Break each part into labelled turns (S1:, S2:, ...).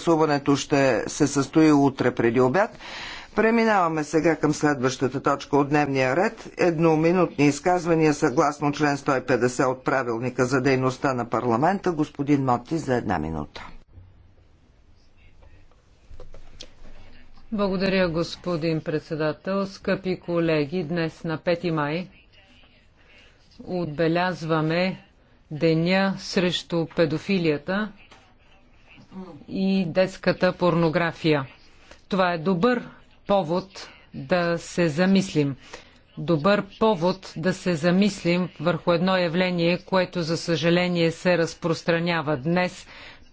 S1: Гласуването ще се състои утре преди обяд. Преминаваме сега към следващата точка от дневния ред. Едноминутни изказвания съгласно член 150 от правилника за дейността на парламента. Господин Моти за една минута.
S2: Благодаря, господин председател. Скъпи колеги, днес на 5 май отбелязваме Деня срещу педофилията – и детската порнография. Това е добър повод да се замислим. Добър повод да се замислим върху едно явление, което за съжаление се разпространява днес.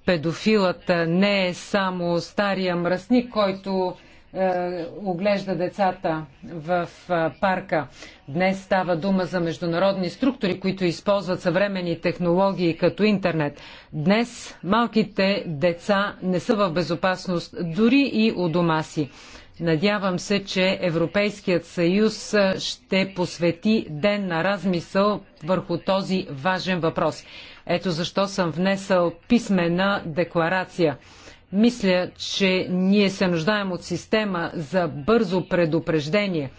S2: Педофилът не е само стария мръсник, който е, оглежда децата в е, парка. Днес става дума за международни структури, които използват съвремени технологии като интернет. Днес малките деца не са в безопасност дори и у дома си. Надявам се, че Европейският съюз ще посвети ден на размисъл върху този важен въпрос. Ето защо съм внесъл писмена декларация. Мисля, че ние се нуждаем от система за бързо предупреждение,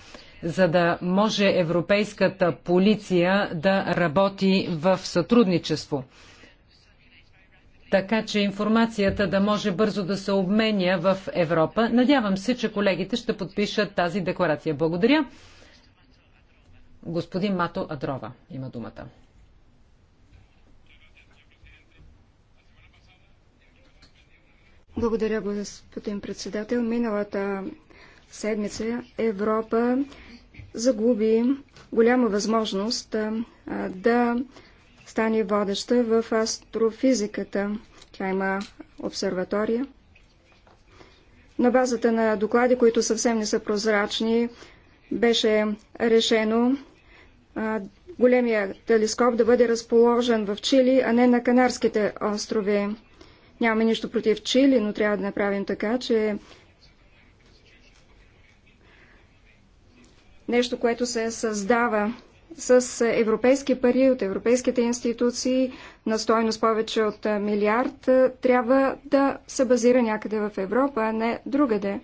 S2: за да може европейската полиция да работи в сътрудничество. Така че информацията да може бързо да се обменя в Европа. Надявам се, че колегите ще подпишат тази декларация. Благодаря. Господин Мато Адрова има думата.
S3: Благодаря, господин председател. Миналата седмица Европа загуби голяма възможност да стане водеща в астрофизиката. Тя има обсерватория. На базата на доклади, които съвсем не са прозрачни, беше решено големия телескоп да бъде разположен в Чили, а не на Канарските острови. Нямаме нищо против Чили, но трябва да направим така, че нещо, което се създава с европейски пари от европейските институции на стойност повече от милиард, трябва да се базира някъде в Европа, а не другаде.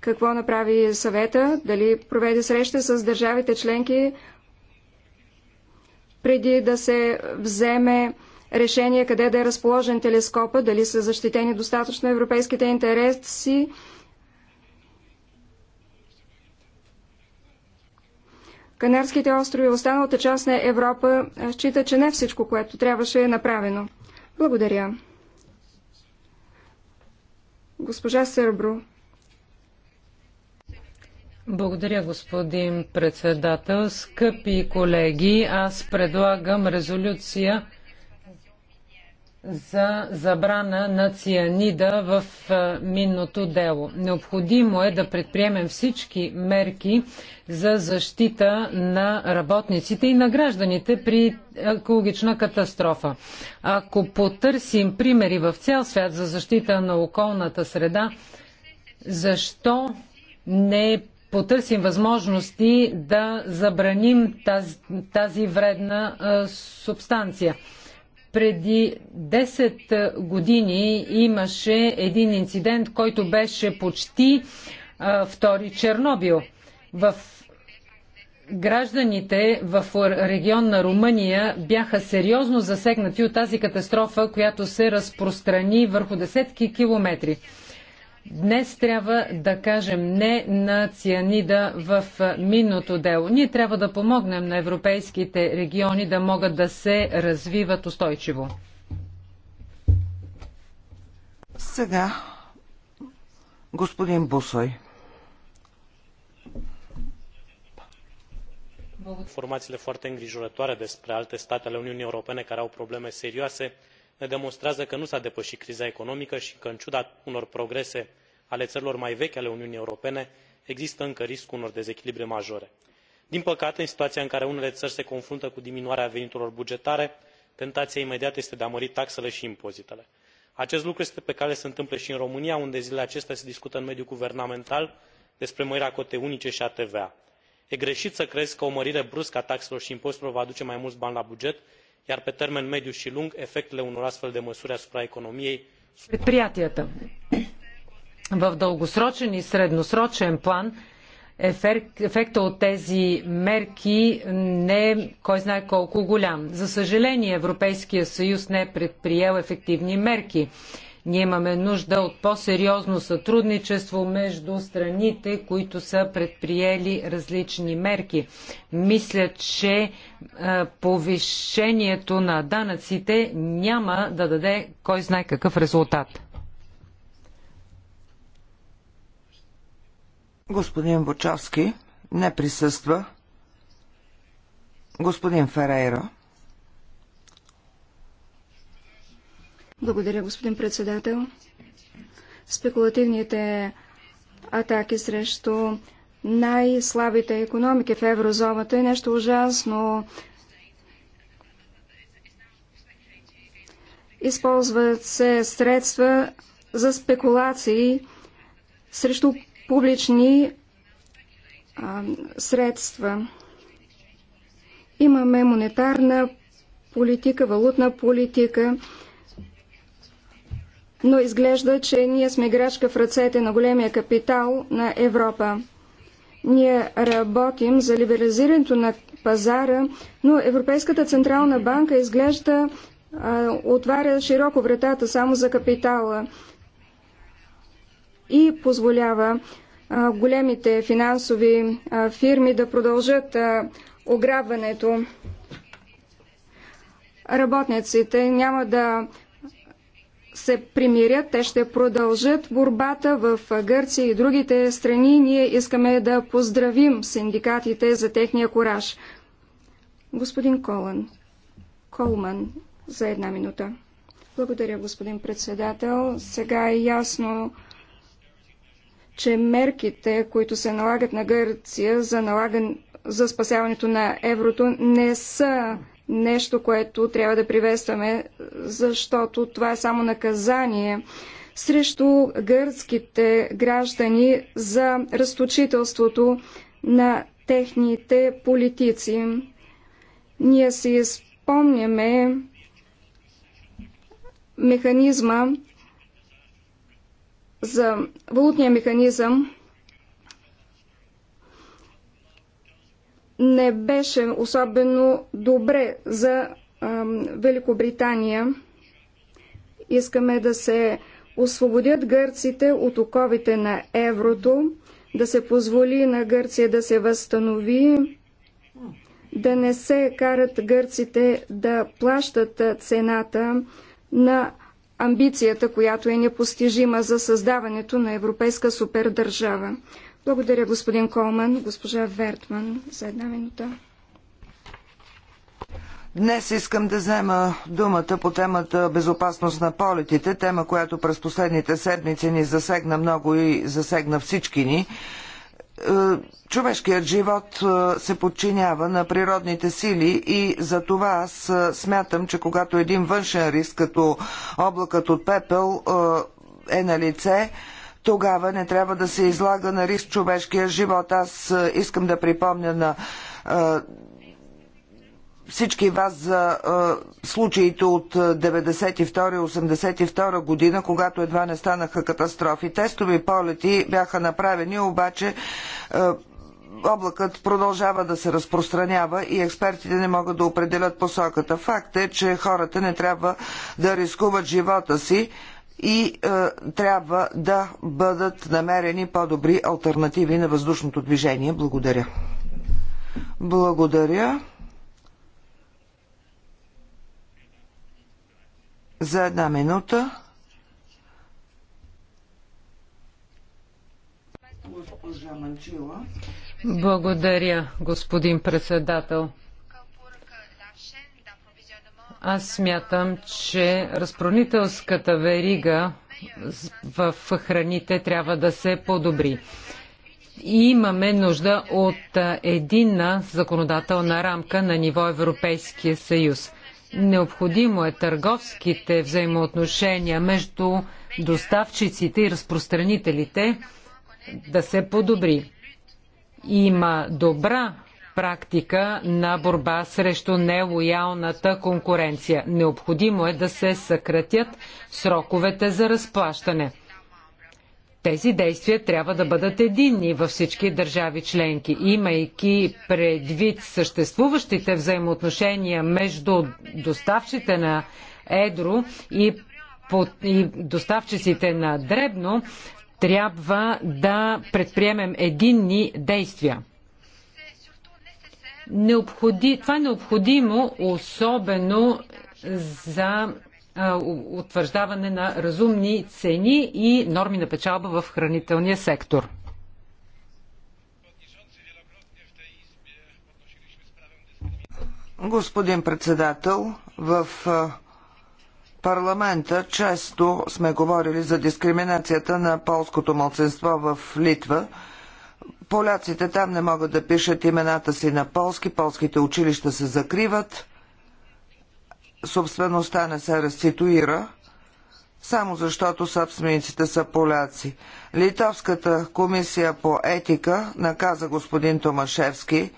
S3: Какво направи съвета? Дали проведе среща с държавите членки преди да се вземе решение къде да е разположен телескопа, дали са защитени достатъчно европейските интереси. Канарските острови и останалата част на Европа счита, че не всичко, което трябваше е направено. Благодаря. Госпожа Сърбро.
S2: Благодаря, господин председател. Скъпи колеги, аз предлагам резолюция за забрана на цианида в минното дело. Необходимо е да предприемем всички мерки за защита на работниците и на гражданите при екологична катастрофа. Ако потърсим примери в цял свят за защита на околната среда, защо не е? потърсим възможности да забраним тази, тази вредна а, субстанция. Преди 10 години имаше един инцидент, който беше почти а, втори Чернобил. В гражданите в регион на Румъния бяха сериозно засегнати от тази катастрофа, която се разпространи върху десетки километри. Днес трябва да кажем не на цианида в минното дело. Ние трябва да помогнем на европейските региони да могат да се развиват устойчиво.
S1: Сега, господин Бусой.
S4: Informațiile foarte îngrijorătoare despre alte state ale Uniunii Europene care au probleme serioase ne demonstrează că nu s a depăit criza economică i că în ciuda unor progrese ale ărilor mai vechi ale uniunii europene există încă riscul unor dezechilibre majore. din păcate în situaia în care unele ări se confruntă cu diminuarea veniturilor bugetare tentaia imediată este de a mări taxele i impozitele. acest lucru este pe cale să se întâmple i în românia unde zilele acestea se discută în mediul guvernamental despre mărirea cotei unice i a tva. e greit să crezi că o mărire bruscă a taxelor i impozitelor va aduce mai muli bani la buget iar pe termen mediu i lung efectele unor astfel de măsuri asupra economiei
S2: предприятията. В дългосрочен и средносрочен план ефекта от тези мерки не е кой знае колко голям. За съжаление, Европейския съюз не е предприел ефективни мерки ние имаме нужда от по-сериозно сътрудничество между страните, които са предприели различни мерки. Мисля, че е, повишението на данъците няма да даде кой знае какъв резултат.
S1: Господин Бочовски не присъства. Господин Ферейро.
S3: Благодаря, господин председател. Спекулативните атаки срещу най-слабите економики в еврозоната е нещо ужасно. Използват се средства за спекулации срещу публични а, средства. Имаме монетарна политика, валутна политика но изглежда, че ние сме грешка в ръцете на големия капитал на Европа. Ние работим за либерализирането на пазара, но Европейската Централна банка изглежда а, отваря широко вратата само за капитала и позволява а, големите финансови а, фирми да продължат а, ограбването. Работниците няма да се примирят, те ще продължат борбата в Гърция и другите страни. Ние искаме да поздравим синдикатите за техния кораж. Господин Колан, Колман, за една минута. Благодаря, господин председател. Сега е ясно, че мерките, които се налагат на Гърция за, налаган... за спасяването на еврото, не са нещо, което трябва да приветстваме, защото това е само наказание срещу гръцките граждани за разточителството на техните политици. Ние си спомняме механизма за валутния механизъм не беше особено добре за Великобритания. Искаме да се освободят гърците от оковите на еврото, да се позволи на Гърция да се възстанови, да не се карат гърците да плащат цената на амбицията, която е непостижима за създаването на европейска супердържава. Благодаря, господин Колман. Госпожа Вертман, за една минута.
S1: Днес искам да взема думата по темата безопасност на полетите, тема, която през последните седмици ни засегна много и засегна всички ни. Е, човешкият живот е, се подчинява на природните сили и за това аз е, смятам, че когато един външен риск като облакът от пепел е на лице, тогава не трябва да се излага на риск човешкия живот. Аз е, искам да припомня на е, всички вас за е, случаите от 92-82 е, година, когато едва не станаха катастрофи. Тестови полети бяха направени, обаче е, облакът продължава да се разпространява и експертите не могат да определят посоката. Факт е, че хората не трябва да рискуват живота си и е, трябва да бъдат намерени по-добри альтернативи на въздушното движение. Благодаря. Благодаря. За една минута.
S2: Благодаря, господин председател. Аз смятам, че разпронителската верига в храните трябва да се подобри. И имаме нужда от единна законодателна рамка на ниво Европейския съюз. Необходимо е търговските взаимоотношения между доставчиците и разпространителите да се подобри. Има добра практика на борба срещу нелоялната конкуренция. Необходимо е да се съкратят сроковете за разплащане. Тези действия трябва да бъдат единни във всички държави членки, имайки предвид съществуващите взаимоотношения между доставчите на едро и, под, и доставчиците на дребно, трябва да предприемем единни действия. Необходи, това е необходимо особено за а, утвърждаване на разумни цени и норми на печалба в хранителния
S1: сектор. Господин председател, в парламента често сме говорили за дискриминацията на полското младсенство в Литва – Поляците там не могат да пишат имената си на полски, полските училища се закриват, собствеността не се реституира, само защото собствениците са поляци. Литовската комисия по етика наказа господин Томашевски,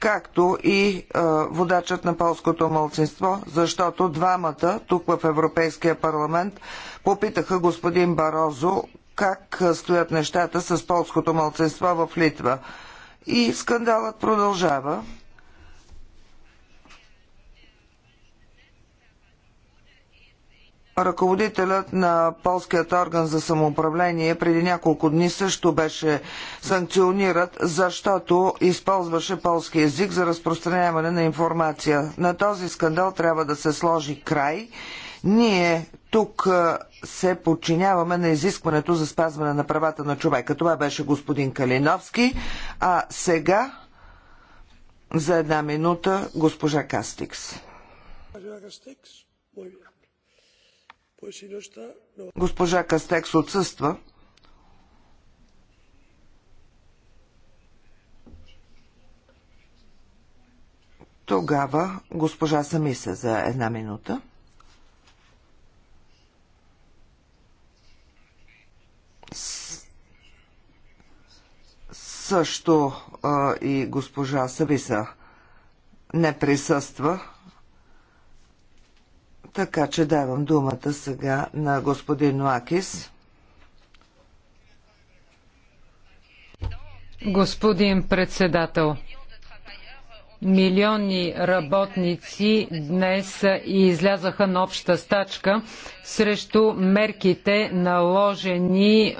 S1: както и е, водачът на полското мълцинство, защото двамата тук в Европейския парламент попитаха господин Барозо как стоят нещата с полското мълцинство в Литва. И скандалът продължава. Ръководителят на полският орган за самоуправление преди няколко дни също беше санкционират, защото използваше полски язик за разпространяване на информация. На този скандал трябва да се сложи край. Ние тук се подчиняваме на изискването за спазване на правата на човека. Това беше господин Калиновски. А сега за една минута госпожа Кастикс. Госпожа Кастекс отсъства. Тогава госпожа сами се за една минута. Също а, и госпожа Сависа не присъства. Така че давам думата сега на господин Нуакис.
S2: Господин председател, милиони работници днес излязаха на обща стачка срещу мерките наложени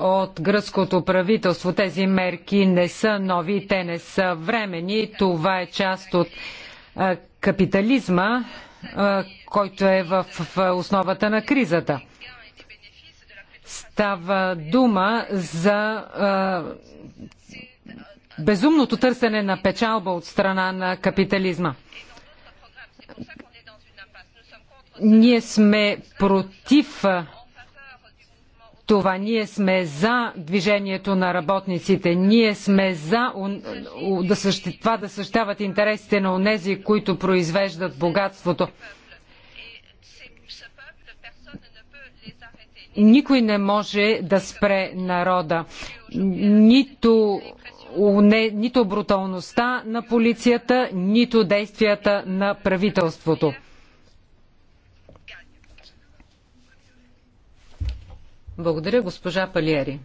S2: от гръцкото правителство. Тези мерки не са нови, те не са времени. Това е част от капитализма, който е в основата на кризата. Става дума за безумното търсене на печалба от страна на капитализма. Ние сме против това. Ние сме за движението на работниците. Ние сме за да съществ... това да съществяват интересите на онези, които произвеждат богатството. Никой не може да спре народа. Нито не, нито бруталността на полицията, нито действията на правителството. Благодаря, госпожа Палиери.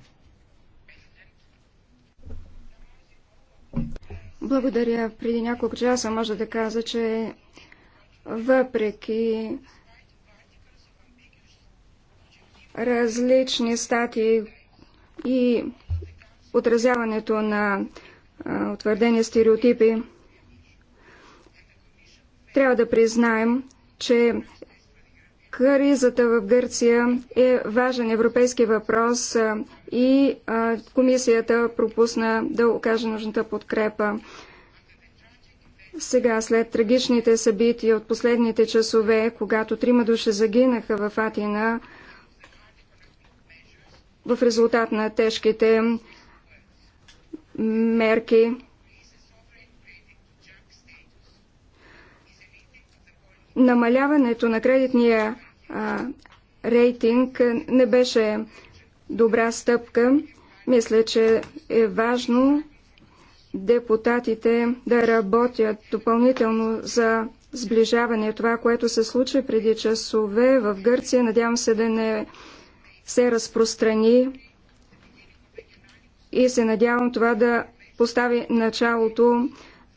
S3: Благодаря. Преди няколко часа може да кажа, че въпреки различни статии и отразяването на утвърдени стереотипи. Трябва да признаем, че кризата в Гърция е важен европейски въпрос и комисията пропусна да окаже нужната подкрепа. Сега, след трагичните събития от последните часове, когато трима души загинаха в Атина, в резултат на тежките мерки. Намаляването на кредитния а, рейтинг не беше добра стъпка. Мисля, че е важно депутатите да работят допълнително за сближаване. Това, което се случи преди часове в Гърция, надявам се да не се разпространи и се надявам това да постави началото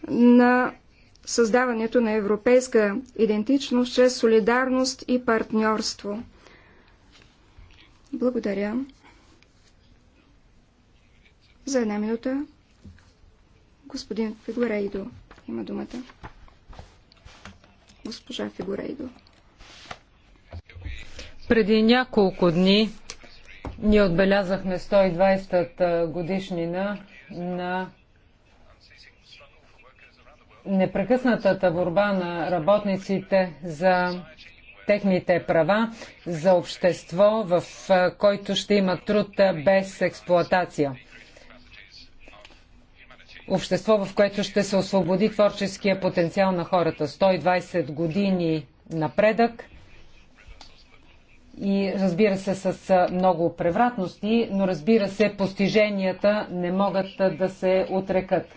S3: на създаването на европейска идентичност чрез солидарност и партньорство. Благодаря. За една минута господин Фигурейдо има думата. Госпожа Фигурейдо.
S2: Преди няколко дни ние отбелязахме 120-та годишнина на непрекъснатата борба на работниците за техните права, за общество, в който ще има труд без експлоатация. Общество, в което ще се освободи творческия потенциал на хората. 120 години напредък – и разбира се с много превратности, но разбира се постиженията не могат да се отрекат.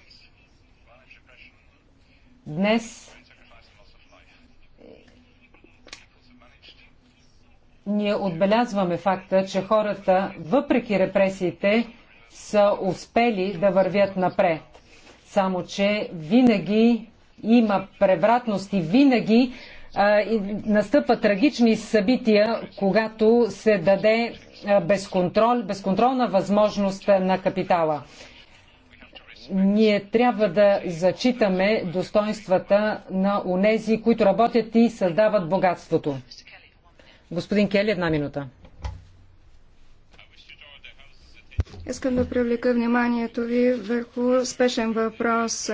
S2: Днес ние отбелязваме факта, че хората, въпреки репресиите, са успели да вървят напред. Само, че винаги има превратности, винаги и настъпват трагични събития, когато се даде безконтрол, безконтролна възможност на капитала. Ние трябва да зачитаме достоинствата на унези, които работят и създават богатството. Господин Кели, една минута.
S3: Искам да привлека вниманието ви върху спешен въпрос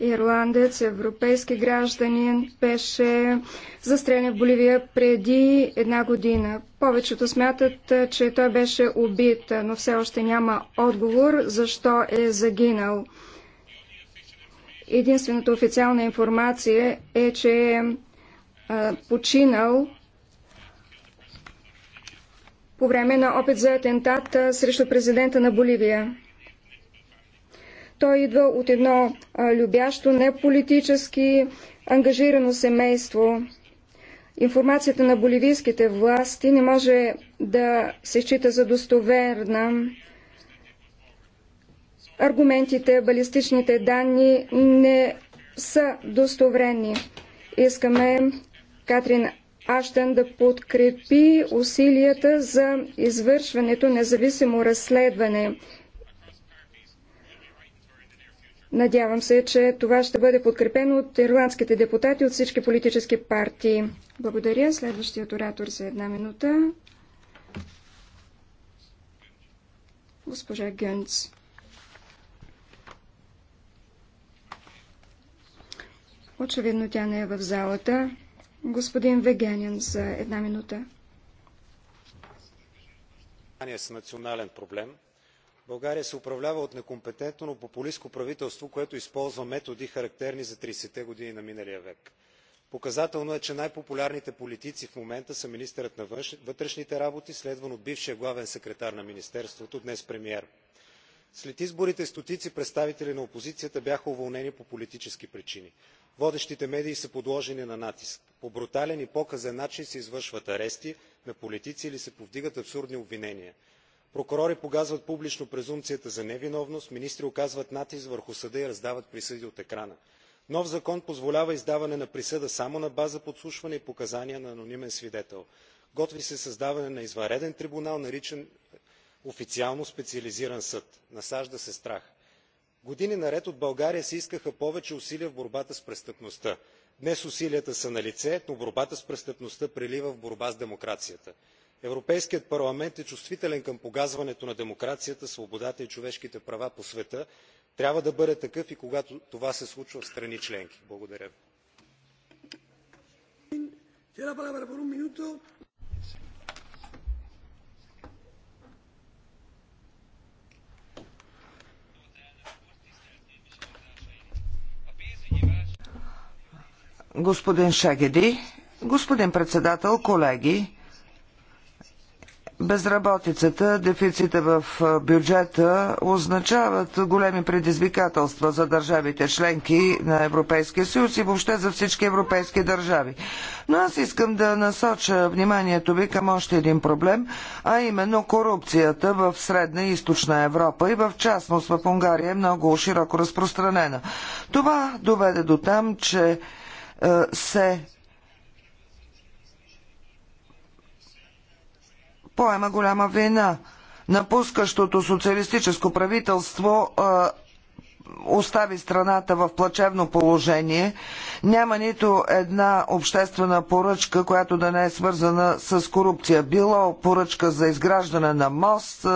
S3: ирландец, европейски гражданин, беше застрелян в Боливия преди една година. Повечето смятат, че той беше убит, но все още няма отговор защо е загинал. Единствената официална информация е, че е починал по време на опит за атентат срещу президента на Боливия. Той идва от едно любящо, неполитически ангажирано семейство. Информацията на боливийските власти не може да се счита за достоверна. Аргументите, балистичните данни не са достоверени. Искаме Катрин Аштен да подкрепи усилията за извършването независимо разследване. Надявам се, че това ще бъде подкрепено от ирландските депутати от всички политически партии. Благодаря. Следващият оратор за една минута. Госпожа Гънц. Очевидно тя не е в залата. Господин Вегенин за една минута.
S4: е национален проблем България се управлява от некомпетентно но популистко правителство което използва методи характерни за 30-те години на миналия век. показателно е че най популярните политици в момента са министърът на вътрешните работи следван от бившия главен секретар на министерството днес премиер. след изборите стотици представители на опозицията бяха уволнени по политически причини. водещите медии са подложени на натиск. по брутален и показен начин се извършват арести на политици или се повдигат абсурдни обвинения прокурори погазват публично презумпцията за невиновност министри оказват натиск върху съда и раздават присъди от екрана. нов закон позволява издаване на присъда само на база подслушване и показания на анонимен свидетел. готви се създаване на извънреден трибунал наричан официално специализиран съд. насажда се страх. години наред от българя се искаха повече усилия в борбата с престъпността. днес усилията са налице но борбата с престъпността прелива в борба с демокрацията европейският парламент е чувствителен към погазването на демокрацията свободата и човешките права по света трябва да бъде такъв и когато това се случва в страни членки. благодаря ви.
S1: Господин господин председател, колеги, Безработицата, дефицита в бюджета означават големи предизвикателства за държавите членки на Европейския съюз и въобще за всички европейски държави. Но аз искам да насоча вниманието ви към още един проблем, а именно корупцията в Средна и Източна Европа и в частност в Унгария е много широко разпространена. Това доведе до там, че се поема голяма вина. Напускащото социалистическо правителство остави страната в плачевно положение. Няма нито една обществена поръчка, която да не е свързана с корупция. Било поръчка за изграждане на мост,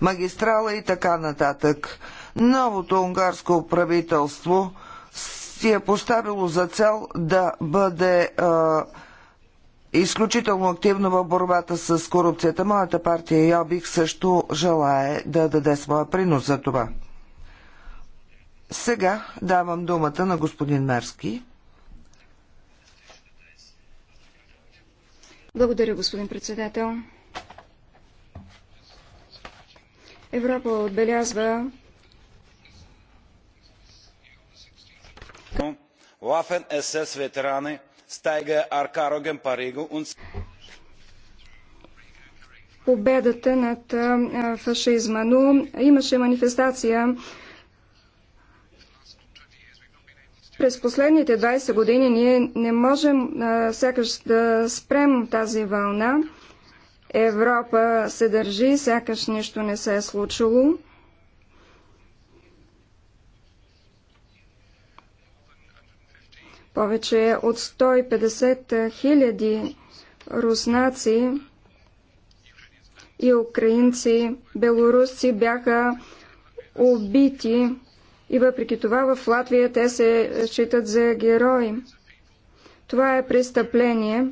S1: магистрала и така нататък. Новото унгарско правителство си е поставило за цел да бъде А, изключително активно в борбата с корупцията. Моята партия Йобик също желае да даде своя принос за това. Сега давам думата на господин Мерски.
S3: Благодаря, господин председател. Европа отбелязва
S4: Лафен СС е ветерани Стайга Аркароген Париго
S3: победата над фашизма. Но имаше манифестация през последните 20 години ние не можем сякаш да спрем тази вълна. Европа се държи, сякаш нищо не се е случило. Повече от 150 хиляди руснаци и украинци, белоруси бяха убити и въпреки това в Латвия те се считат за герои. Това е престъпление.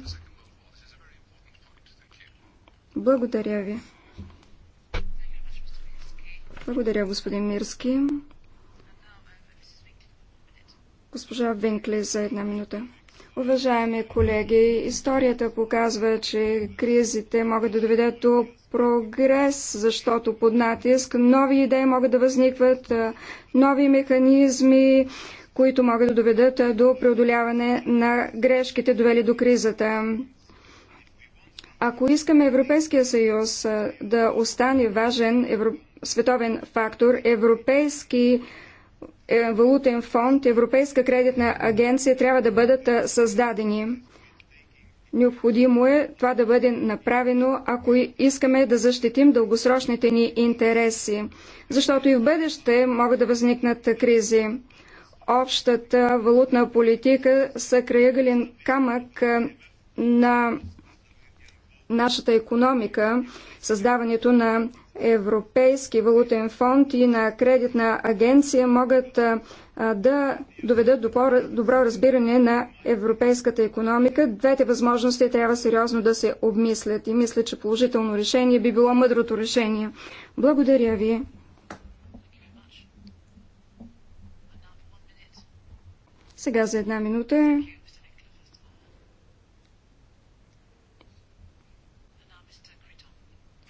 S3: Благодаря ви. Благодаря, господин Мирски. Госпожа Винкли за една минута. Уважаеми колеги, историята показва, че кризите могат да доведат до прогрес, защото под натиск нови идеи могат да възникват, нови механизми, които могат да доведат до преодоляване на грешките, довели до кризата. Ако искаме Европейския съюз да остане важен евро... световен фактор, европейски е, валутен фонд, Европейска кредитна агенция трябва да бъдат е, създадени. Необходимо е това да бъде направено, ако искаме да защитим дългосрочните ни интереси, защото и в бъдеще могат да възникнат е, кризи. Общата валутна политика са краягален камък на нашата економика, създаването на Европейски валутен фонд и на кредитна агенция могат да доведат до по-добро разбиране на европейската економика. Двете възможности трябва сериозно да се обмислят и мисля, че положително решение би било мъдрото решение. Благодаря ви. Сега за една минута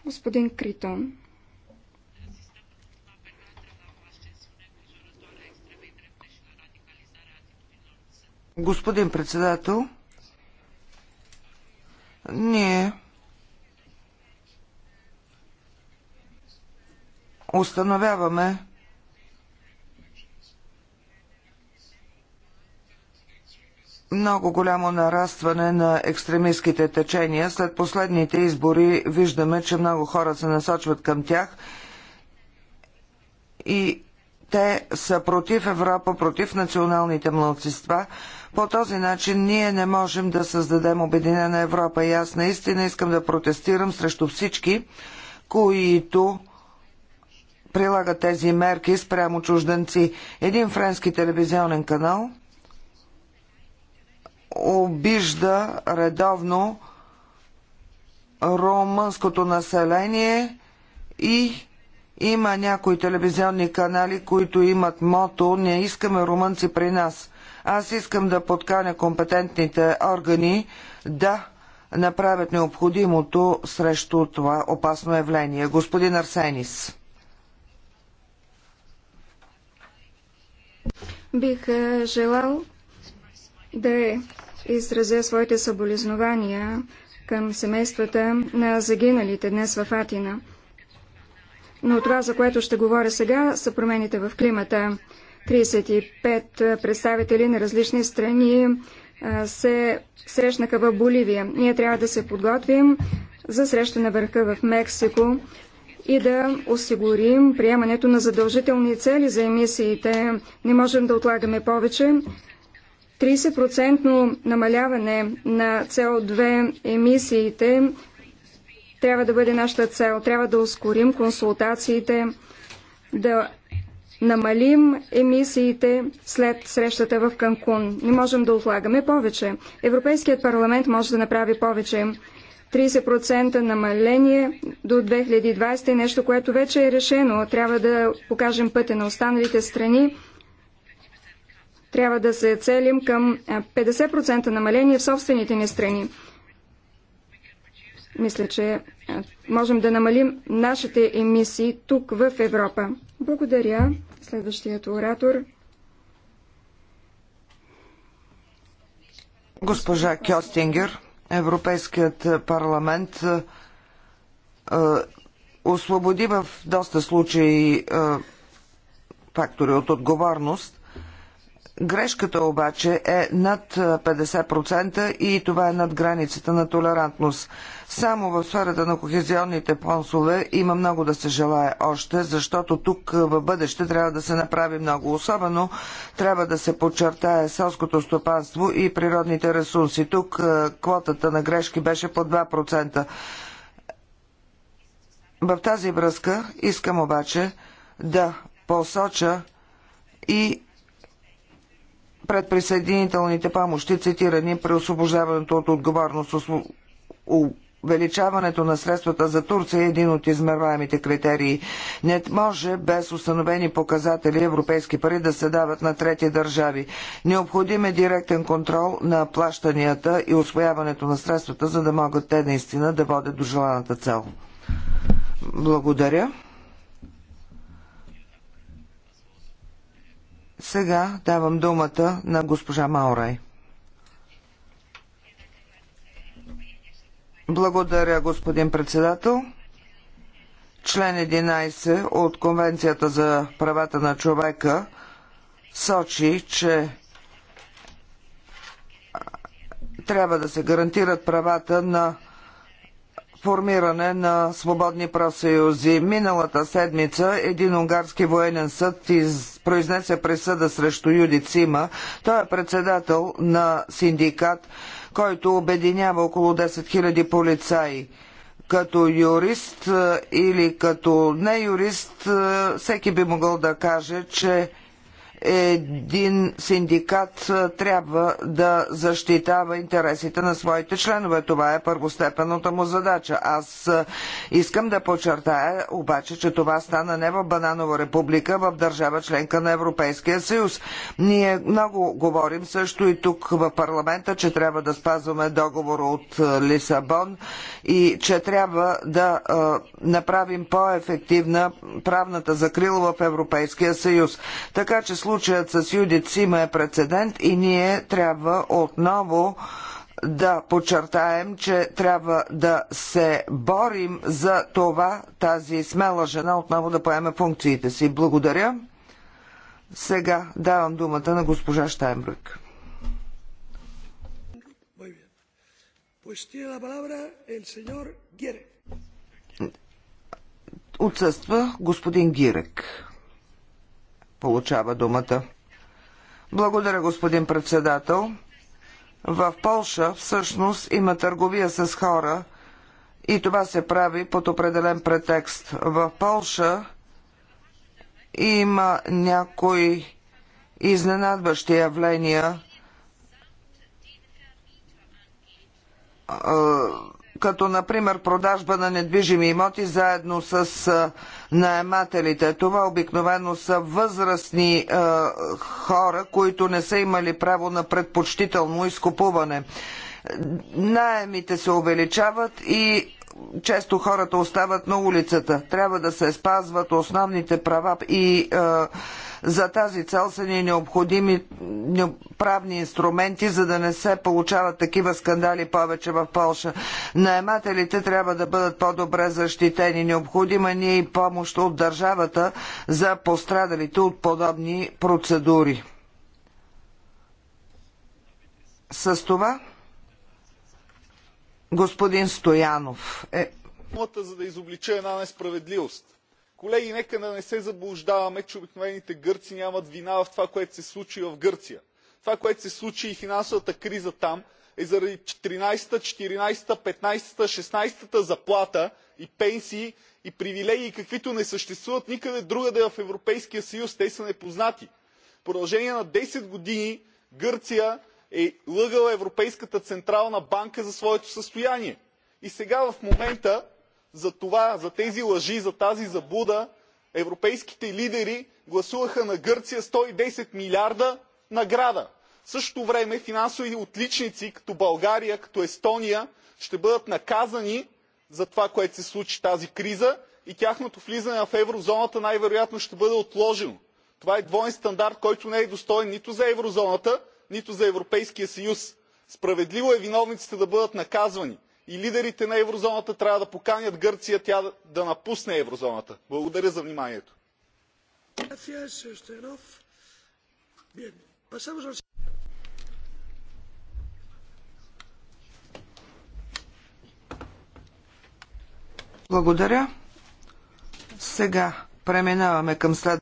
S3: Господин Критон.
S1: Господин председател, ние установяваме много голямо нарастване на екстремистските течения. След последните избори виждаме, че много хора се насочват към тях и те са против Европа, против националните младсиства. По този начин ние не можем да създадем обединена Европа. И аз наистина искам да протестирам срещу всички, които прилагат тези мерки спрямо чужденци. Един френски телевизионен канал – обижда редовно румънското население и има някои телевизионни канали, които имат мото «Не искаме румънци при нас». Аз искам да подканя компетентните органи да направят необходимото срещу това опасно явление. Господин Арсенис.
S3: Бих е, желал да изразя своите съболезнования към семействата на загиналите днес в Атина. Но това, за което ще говоря сега, са промените в климата. 35 представители на различни страни се срещнаха в Боливия. Ние трябва да се подготвим за среща на върха в Мексико и да осигурим приемането на задължителни цели за емисиите. Не можем да отлагаме повече. 30% намаляване на CO2 емисиите трябва да бъде нашата цел. Трябва да ускорим консултациите, да намалим емисиите след срещата в Канкун. Не можем да отлагаме повече. Европейският парламент може да направи повече. 30% намаление до 2020 е нещо, което вече е решено. Трябва да покажем пътя на останалите страни трябва да се целим към 50% намаление в собствените ни страни. Мисля, че можем да намалим нашите емисии тук в Европа. Благодаря. Следващият оратор.
S1: Госпожа Кьостингер, Европейският парламент е, освободи в доста случаи е, фактори от отговорност. Грешката обаче е над 50% и това е над границата на толерантност. Само в сферата на кохезионните понсове има много да се желая още, защото тук в бъдеще трябва да се направи много. Особено трябва да се подчертае селското стопанство и природните ресурси. Тук квотата на грешки беше по 2%. В тази връзка искам обаче да посоча и предприсъединителните помощи, цитирани при освобождаването от отговорност, увеличаването на средствата за Турция е един от измерваемите критерии. Не може без установени показатели европейски пари да се дават на трети държави. Необходим е директен контрол на плащанията и освояването на средствата, за да могат те наистина да водят до желаната цел. Благодаря. Сега давам думата на госпожа Маурай. Благодаря, господин председател. Член 11 от Конвенцията за правата на човека сочи, че трябва да се гарантират правата на формиране на свободни профсъюзи. Миналата седмица един унгарски военен съд из... произнесе присъда срещу Юди Цима. Той е председател на синдикат, който обединява около 10 000 полицаи като юрист е, или като не юрист, е, всеки би могъл да каже, че един синдикат трябва да защитава интересите на своите членове. Това е първостепенната му задача. Аз искам да подчертая обаче, че това стана не в Бананова република, в държава членка на Европейския съюз. Ние много говорим също и тук в парламента, че трябва да спазваме договора от Лисабон и че трябва да направим по-ефективна правната закрила в Европейския съюз. Така че случаят с Юдит Сима е прецедент и ние трябва отново да подчертаем, че трябва да се борим за това тази смела жена отново да поеме функциите си. Благодаря. Сега давам думата на госпожа Штайнбрък. Отсъства господин Гирек получава думата. Благодаря, господин председател. В Полша всъщност има търговия с хора и това се прави под определен претекст. В Полша има някои изненадващи явления като например продажба на недвижими имоти заедно с наемателите. Това обикновено са възрастни е, хора, които не са имали право на предпочтително изкупуване. Наемите се увеличават и често хората остават на улицата. Трябва да се спазват основните права и е, за тази цел са ни необходими правни инструменти, за да не се получават такива скандали повече в Польша. Наемателите трябва да бъдат по-добре защитени. Необходима ни е и помощ от държавата за пострадалите от подобни процедури. С това господин Стоянов
S5: е за да изобличе една несправедливост. Колеги, нека да не се заблуждаваме, че обикновените гърци нямат вина в това, което се случи в Гърция. Това, което се случи и финансовата криза там, е заради 14-та, 14-та, 15-та, 16-та заплата и пенсии и привилегии, каквито не съществуват никъде другаде в Европейския съюз. Те са непознати. В продължение на 10 години Гърция е лъгала Европейската централна банка за своето състояние. И сега в момента за това, за тези лъжи, за тази заблуда, европейските лидери гласуваха на Гърция 110 милиарда награда. В същото време финансови отличници като България, като Естония ще бъдат наказани за това, което се случи тази криза и тяхното влизане в еврозоната най-вероятно ще бъде отложено. Това е двоен стандарт, който не е достоен нито за еврозоната, нито за Европейския съюз. Справедливо е виновниците да бъдат наказвани и лидерите на еврозоната трябва да поканят гърция тя да напусне еврозоната. благодаря за вниманието.
S1: Благодаря. Сега преминаваме към след